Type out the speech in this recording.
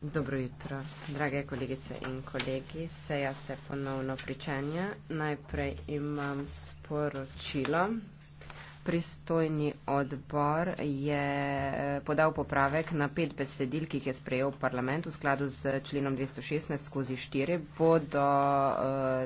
Dobro jutro, drage kolegice in kolegi. Seja se ponovno pričanja. Najprej imam sporočilo. Pristojni odbor je eh, podal popravek na pet besedil, ki jih je sprejel parlament v skladu z členom 216 skozi 4.